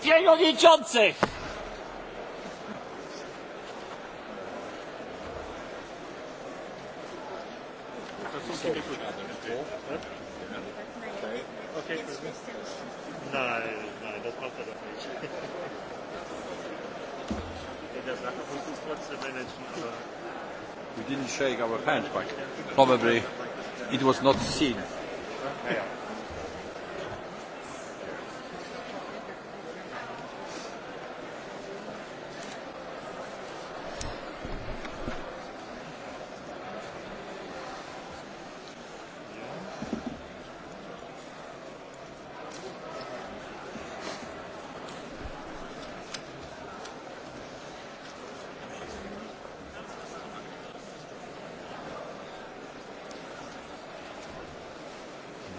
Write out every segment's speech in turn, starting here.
przewodniczących! We didn't shake our hands, but probably it was not seen.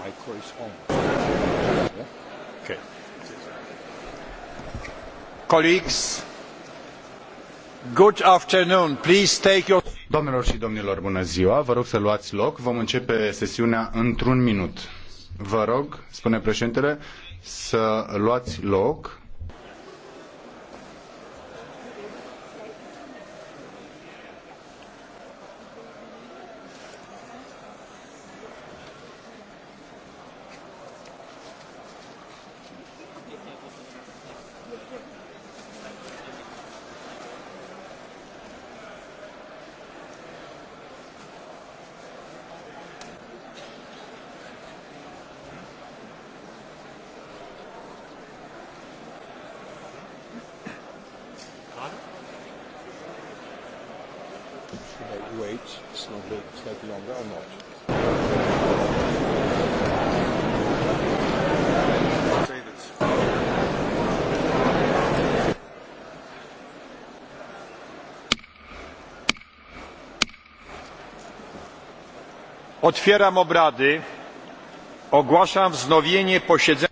micro on. Okay. Colleagues, good afternoon. Please take your... și domnilor, bună ziua. Vă rog să luați loc. Vom începe sesiunea într-un minut. Vă rog, spune președintele, să luați loc about weight, it's not slightly longer or not. Otwieram obrady. Ogłaszam wznowienie posiedzenia.